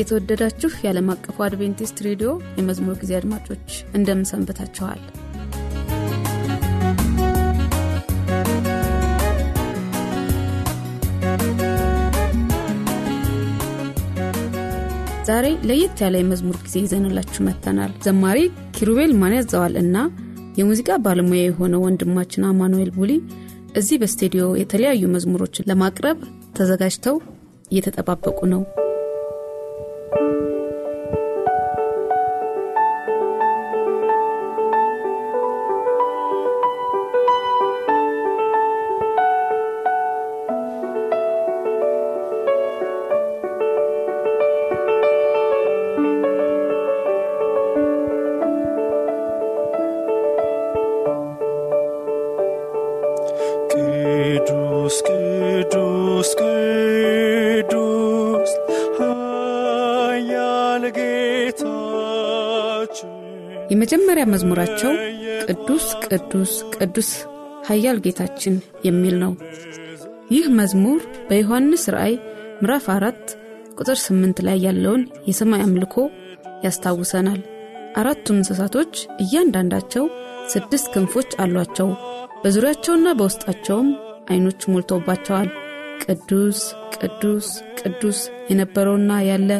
የተወደዳችሁ የዓለም አቀፉ አድቬንቲስት ሬዲዮ የመዝሙር ጊዜ አድማጮች እንደምንሰንበታችኋል ዛሬ ለየት ያለ የመዝሙር ጊዜ ይዘንላችሁ መጥተናል ዘማሪ ኪሩቤል ማን ያዘዋል እና የሙዚቃ ባለሙያ የሆነው ወንድማችን አማኑኤል ቡሊ እዚህ በስቱዲዮ የተለያዩ መዝሙሮችን ለማቅረብ ተዘጋጅተው እየተጠባበቁ ነው የመጀመሪያ መዝሙራቸው ቅዱስ ቅዱስ ቅዱስ ኃያል ጌታችን የሚል ነው። ይህ መዝሙር በዮሐንስ ራእይ ምዕራፍ አራት ቁጥር ስምንት ላይ ያለውን የሰማይ አምልኮ ያስታውሰናል። አራቱም እንስሳቶች እያንዳንዳቸው ስድስት ክንፎች አሏቸው። በዙሪያቸውና በውስጣቸውም አይኖች ሞልተውባቸዋል። ቅዱስ ቅዱስ ቅዱስ የነበረውና ያለ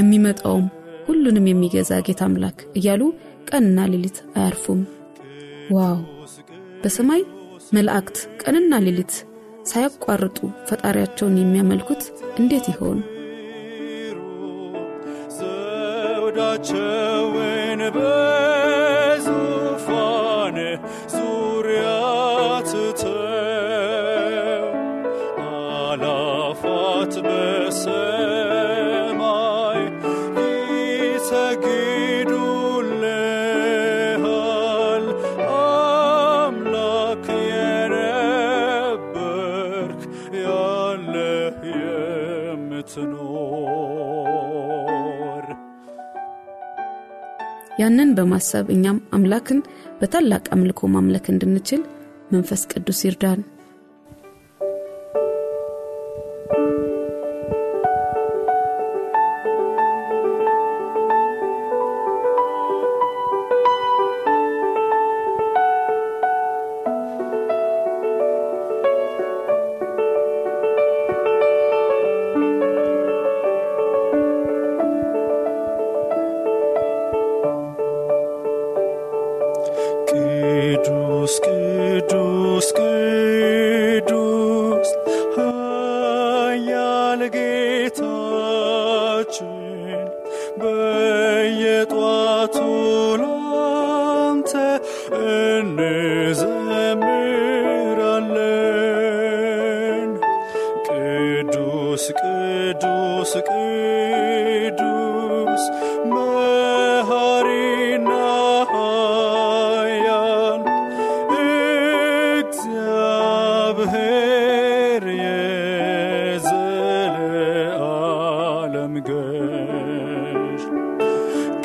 የሚመጣውም ሁሉንም የሚገዛ ጌታ አምላክ እያሉ ቀንና ሌሊት አያርፉም። ዋው! በሰማይ መላእክት ቀንና ሌሊት ሳያቋርጡ ፈጣሪያቸውን የሚያመልኩት እንዴት ይሆን? ዘውዳቸው ይህንን በማሰብ እኛም አምላክን በታላቅ አምልኮ ማምለክ እንድንችል መንፈስ ቅዱስ ይርዳን።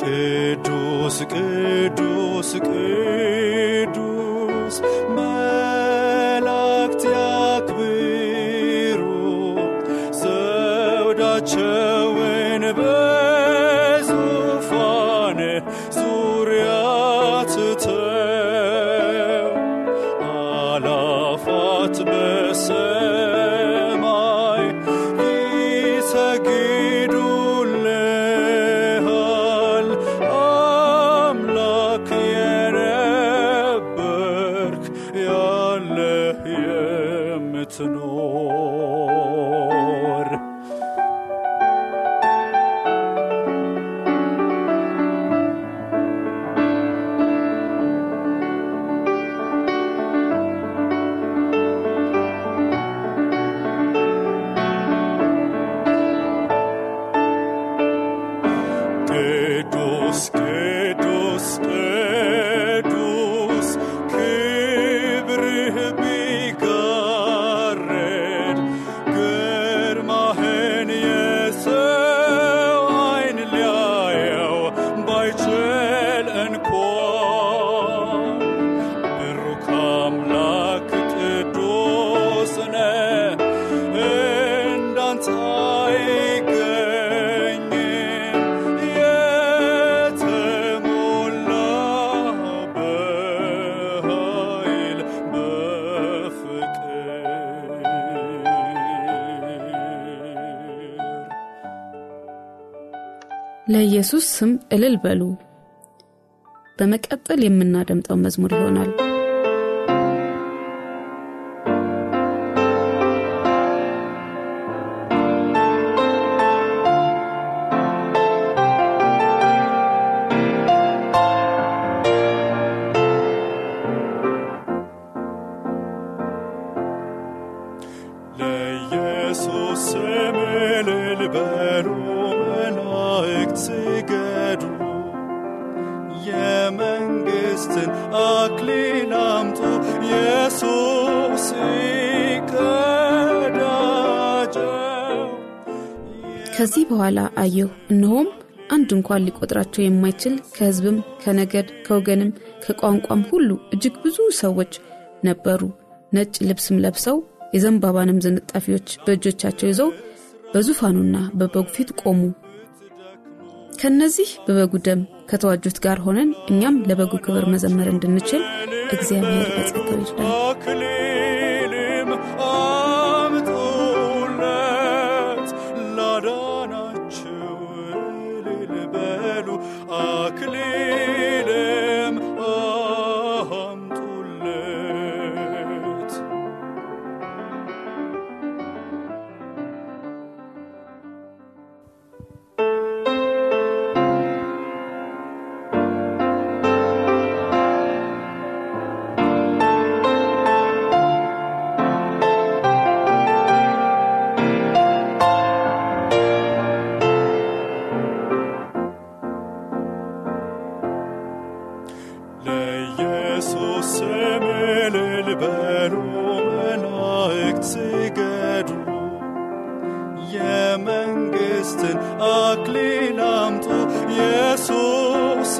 ቅዱስ ቅዱስ ቅዱስ ስም እልል በሉ። በመቀጠል የምናደምጠው መዝሙር ይሆናል። በኋላ አየሁ፣ እነሆም አንድ እንኳን ሊቆጥራቸው የማይችል ከህዝብም ከነገድ ከወገንም ከቋንቋም ሁሉ እጅግ ብዙ ሰዎች ነበሩ። ነጭ ልብስም ለብሰው የዘንባባንም ዝንጣፊዎች በእጆቻቸው ይዘው በዙፋኑና በበጉ ፊት ቆሙ። ከነዚህ በበጉ ደም ከተዋጁት ጋር ሆነን እኛም ለበጉ ክብር መዘመር እንድንችል እግዚአብሔር በጸጋው ይርዳል። ትገዱ የመንግስትን የመንግሥትን አክሊል አምጡ ኢየሱስ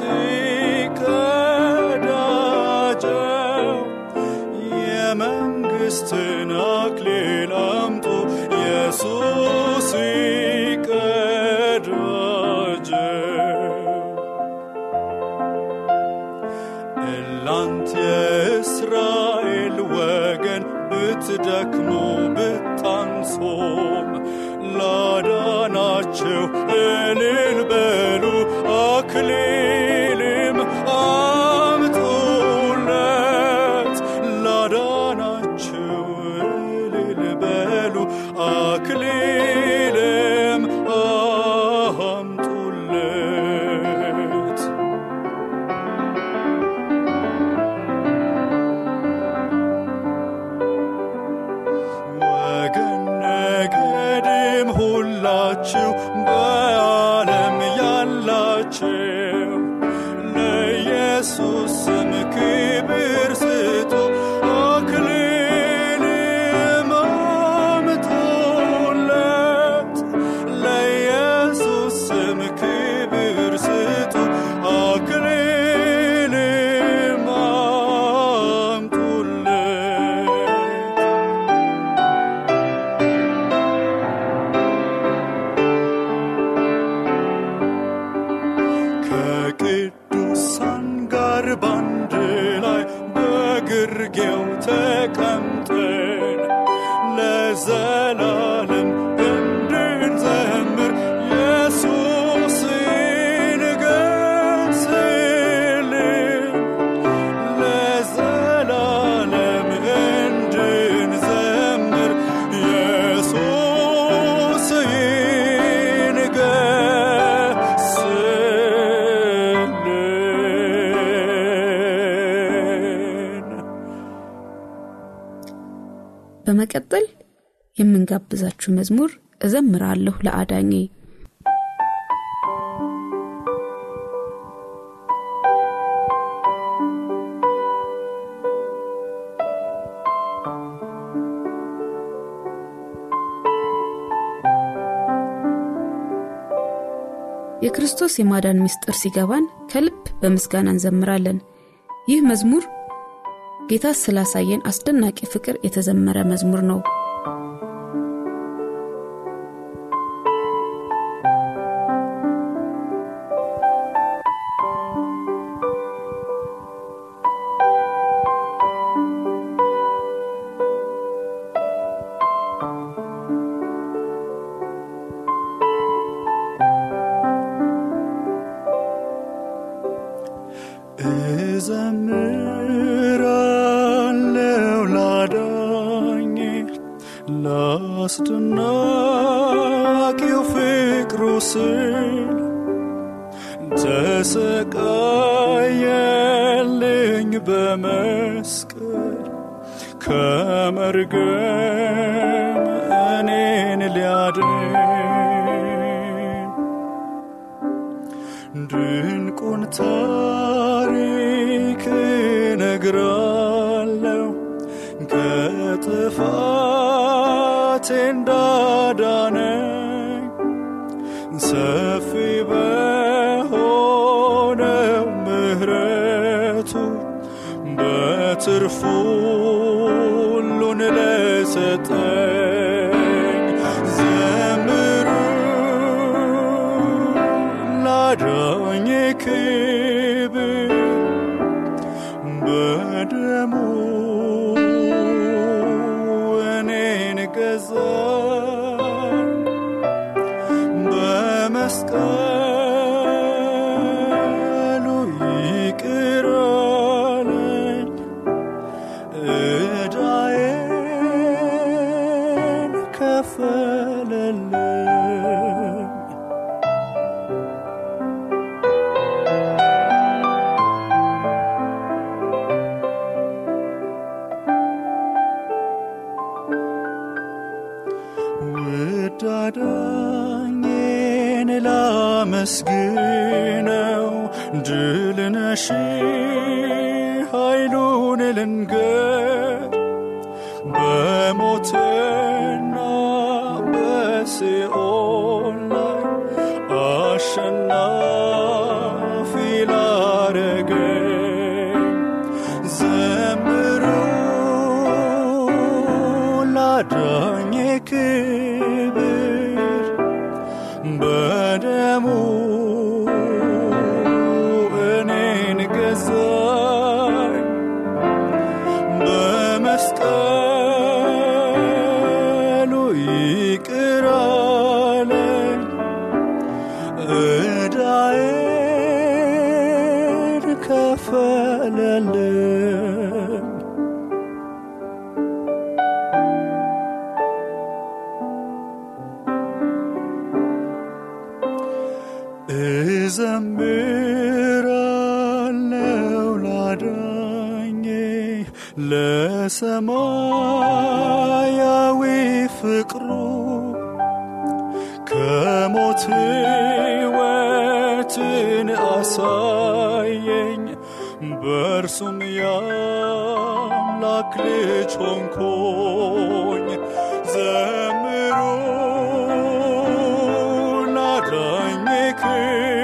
የሚጋብዛችሁ መዝሙር እዘምራለሁ ለአዳኜ የክርስቶስ የማዳን ምስጢር ሲገባን ከልብ በምስጋና እንዘምራለን። ይህ መዝሙር ጌታ ስላሳየን አስደናቂ ፍቅር የተዘመረ መዝሙር ነው። ድንቁን ታሪክ ነግራለሁ ከጥፋቴ እንዳዳነኝ ሰፊ felelem ወዳዳኝን ላመስግነው ድልነሽ 给。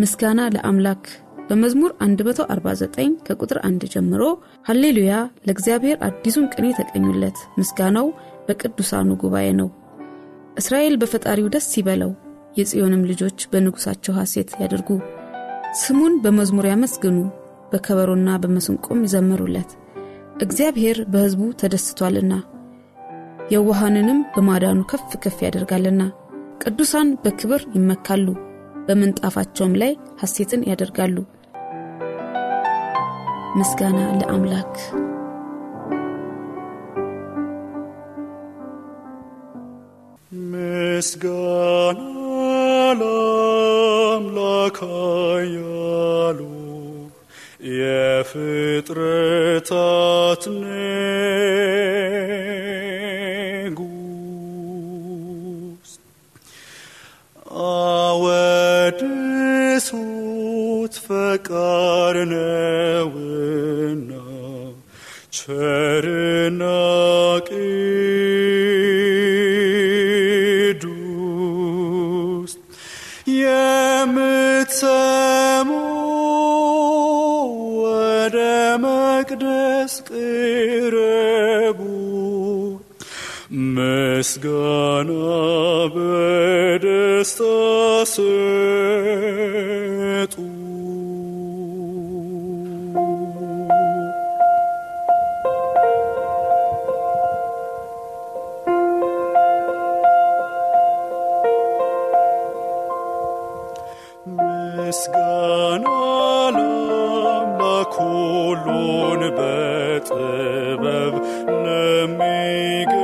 ምስጋና ለአምላክ በመዝሙር 149 ከቁጥር 1 ጀምሮ ሐሌሉያ ለእግዚአብሔር አዲሱን ቅኔ ተቀኙለት፣ ምስጋናው በቅዱሳኑ ጉባኤ ነው። እስራኤል በፈጣሪው ደስ ይበለው፣ የጽዮንም ልጆች በንጉሳቸው ሐሴት ያድርጉ። ስሙን በመዝሙር ያመስግኑ፣ በከበሮና በመስንቆም ይዘምሩለት፣ እግዚአብሔር በሕዝቡ ተደስቷልና የውሃንንም በማዳኑ ከፍ ከፍ ያደርጋልና ቅዱሳን በክብር ይመካሉ። በምንጣፋቸውም ላይ ሐሴትን ያደርጋሉ። ምስጋና ለአምላክ። ምስጋና ለአምላክ ያሉ ፈቃድ ነውና ቸርና የምትሰሙ ወደ መቅደስ ቅረቡ ምስጋና በደስታ ኑሮን በጥበብ ለሚገ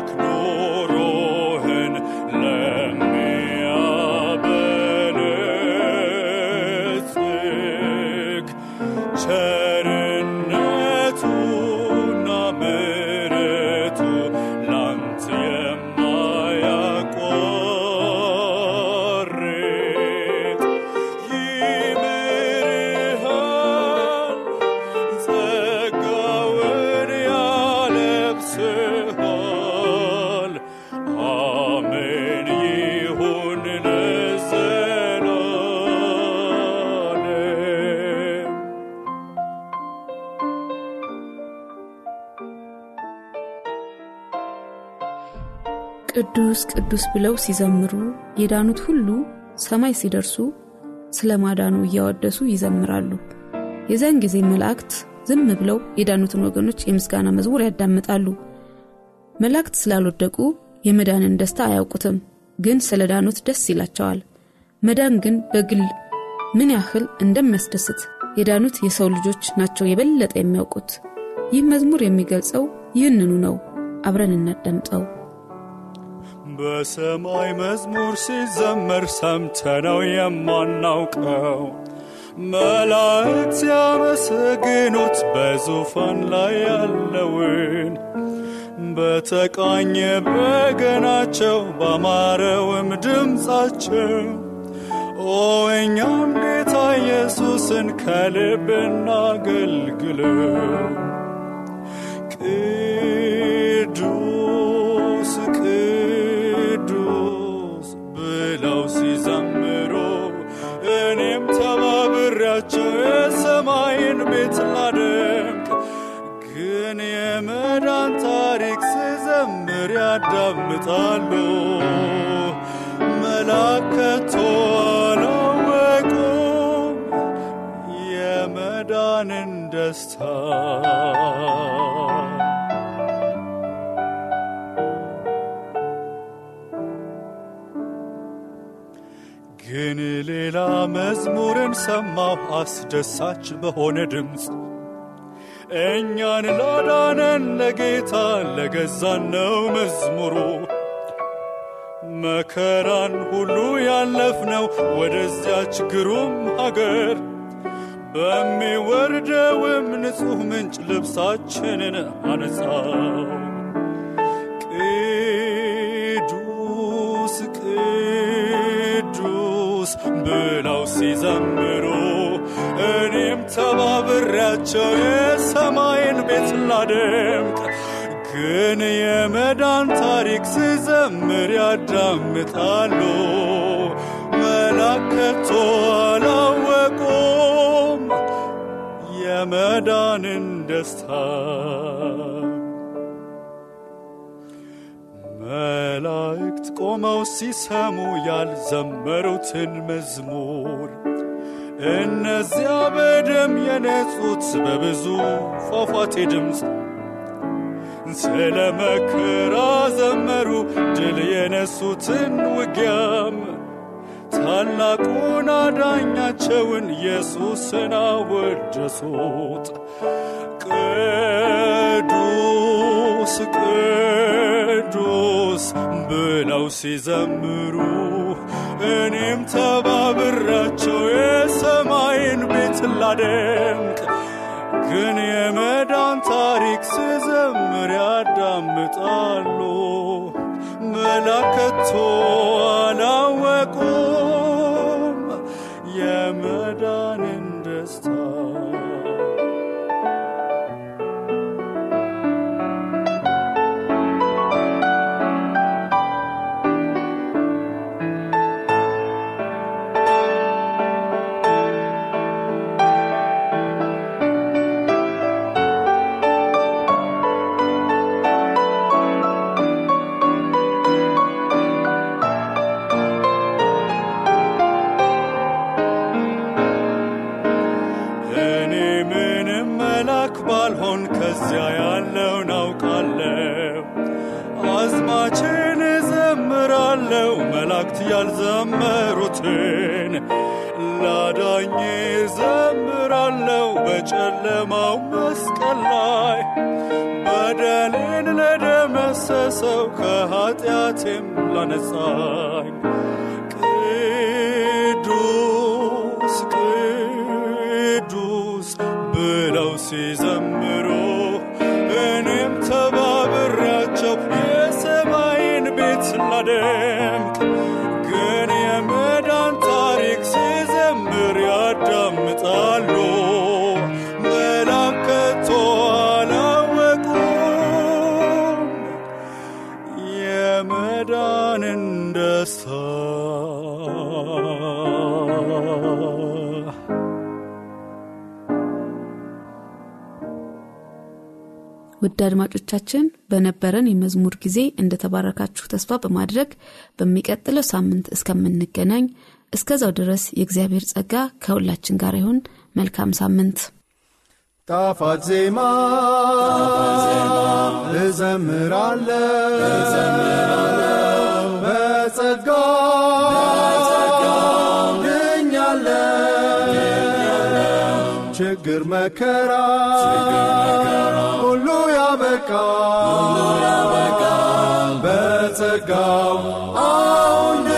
darkness. ቅዱስ ብለው ሲዘምሩ የዳኑት ሁሉ ሰማይ ሲደርሱ ስለ ማዳኑ እያወደሱ ይዘምራሉ። የዚያን ጊዜ መላእክት ዝም ብለው የዳኑትን ወገኖች የምስጋና መዝሙር ያዳምጣሉ። መላእክት ስላልወደቁ የመዳንን ደስታ አያውቁትም፣ ግን ስለ ዳኑት ደስ ይላቸዋል። መዳን ግን በግል ምን ያህል እንደሚያስደስት የዳኑት የሰው ልጆች ናቸው የበለጠ የሚያውቁት። ይህ መዝሙር የሚገልጸው ይህንኑ ነው። አብረን እናዳምጠው። በሰማይ መዝሙር ሲዘመር ሰምተነው የማናውቀው መላእክት ሲያመሰግኑት በዙፋን ላይ ያለውን በተቃኘ በገናቸው ባማረውም ድምፃቸው ኦ እኛም ጌታ ኢየሱስን ከልብ እናገልግለው ያዳምጣሉ መላከቶ አላወቁም የመዳንን ደስታ ግን ሌላ መዝሙርን ሰማሁ አስደሳች በሆነ ድምፅ እኛን ላዳነን ለጌታ ለገዛን ነው መዝሙሩ። መከራን ሁሉ ያለፍነው ወደዚያች ግሩም ሀገር በሚወርደውም ንጹሕ ምንጭ ልብሳችንን አነጻው። ቅዱስ ቅዱስ ብለው ሲዘምሩ ሰባብሬያቸው የሰማይን ቤት ላደምቅ ግን የመዳን ታሪክ ስዘምር ያዳምጣሉ መላከቶ አላወቁም የመዳንን ደስታ መላእክት ቆመው ሲሰሙ ያልዘመሩትን መዝሙር እነዚያ በደም የነጹት በብዙ ፏፏቴ ድምፅ ስለ መከራ ዘመሩ ድል የነሱትን ውጊያም ታላቁን አዳኛቸውን ኢየሱስን አወደሱት። ቅዱስ ቅዱስ ብለው ሲዘምሩ እኔም ተባብራቸው የሰማይን ቤት ላደምቅ ግን የመዳን ታሪክ ስዘምር ያዳምጣሉ መላከቶ አላ በዚያ ያለውን አውቃለሁ። አዝማችን እዘምራለሁ መላእክት ያልዘመሩትን ላዳኝ እዘምራለሁ በጨለማው መስቀል ላይ በደሌን ለደመሰሰው ከኃጢአቴም ላነጻኝ ቅዱስ ቅዱስ ብለው ሲዘም ውድ አድማጮቻችን በነበረን የመዝሙር ጊዜ እንደተባረካችሁ ተስፋ በማድረግ በሚቀጥለው ሳምንት እስከምንገናኝ እስከዛው ድረስ የእግዚአብሔር ጸጋ ከሁላችን ጋር ይሁን። መልካም ሳምንት። ጣፋት ዜማ እዘምራለ በጸጋ ችግር መከራ ዘጋው አሁን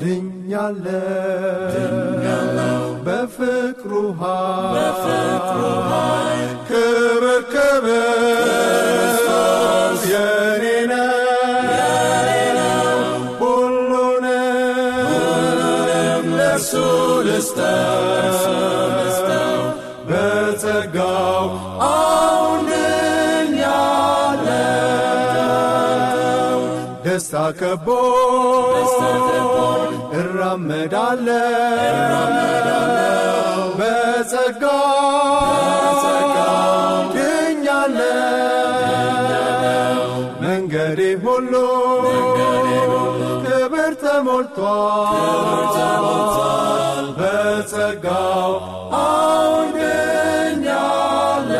ድኛለሁ በስተልቦን እራመዳለ በጸጋ ድኛለሁ መንገዴ ሁሉ ክብር ተሞልቷል በጸጋው አሁን ድኛለ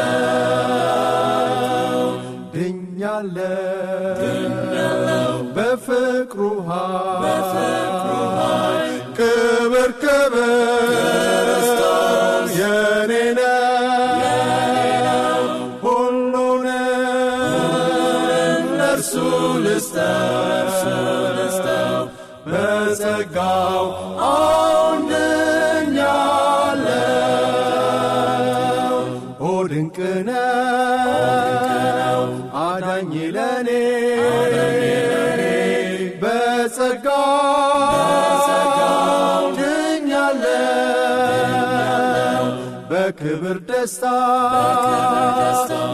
ድኛለሁ በደስታ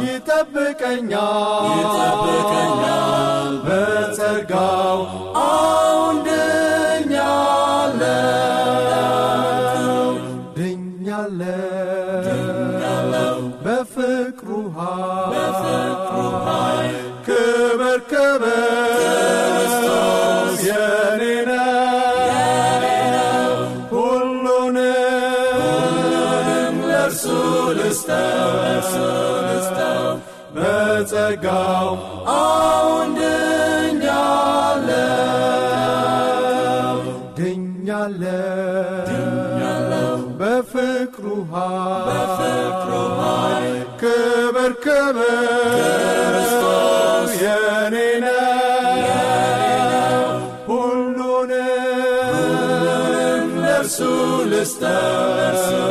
ይጠብቀኛል በጸጋው sisters.